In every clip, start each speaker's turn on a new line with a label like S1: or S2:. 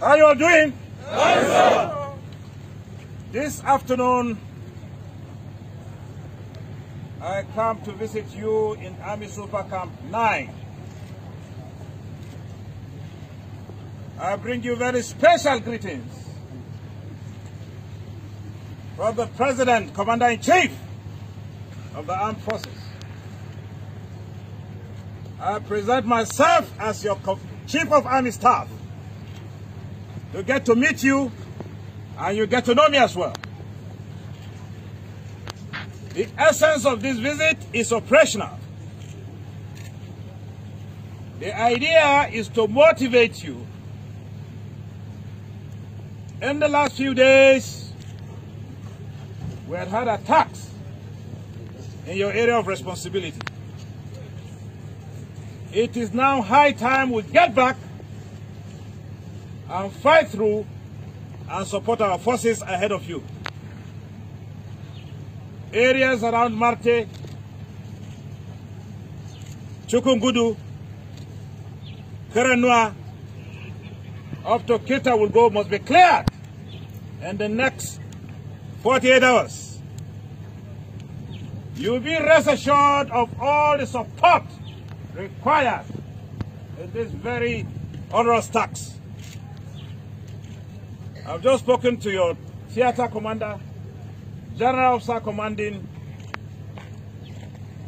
S1: How are you all doing? this afternoon, I come to visit you in Army Super Camp 9. I bring you very special greetings from the President, Commander-in-Chief of the Armed Forces. I present myself as your Chief of Army Staff to get to meet you and you get to know me as well. The essence of this visit is operational. The idea is to motivate you. In the last few days, we had had attacks in your area of responsibility. It is now high time we get back and fight through and support our forces ahead of you. Areas around Marte, Chukungudu, Kerenua, up to Kita will go must be cleared in the next 48 hours. You will be rest assured of all the support required in this very onerous task. I've just spoken to your theater commander, general officer commanding.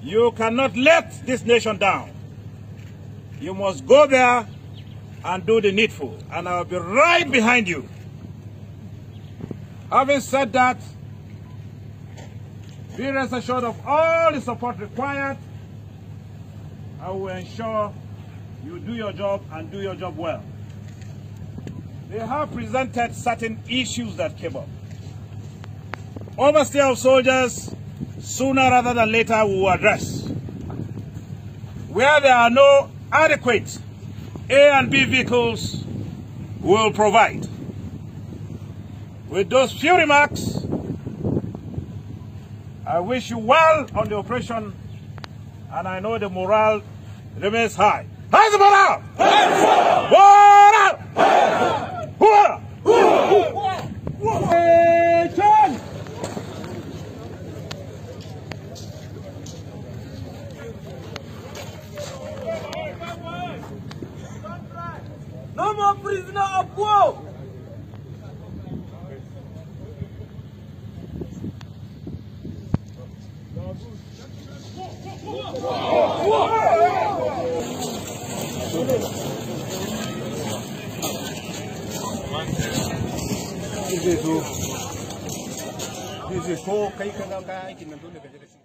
S1: You cannot let this nation down. You must go there and do the needful, and I'll be right behind you. Having said that, be rest assured of all the support required. I will ensure you do your job and do your job well they have presented certain issues that came up. Overstay of soldiers, sooner rather than later, will address. Where there are no adequate A and B vehicles, will provide. With those few remarks, I wish you well on the operation, and I know the morale remains high. How's the morale? Morale! uma prisão prisoner of war. This is who?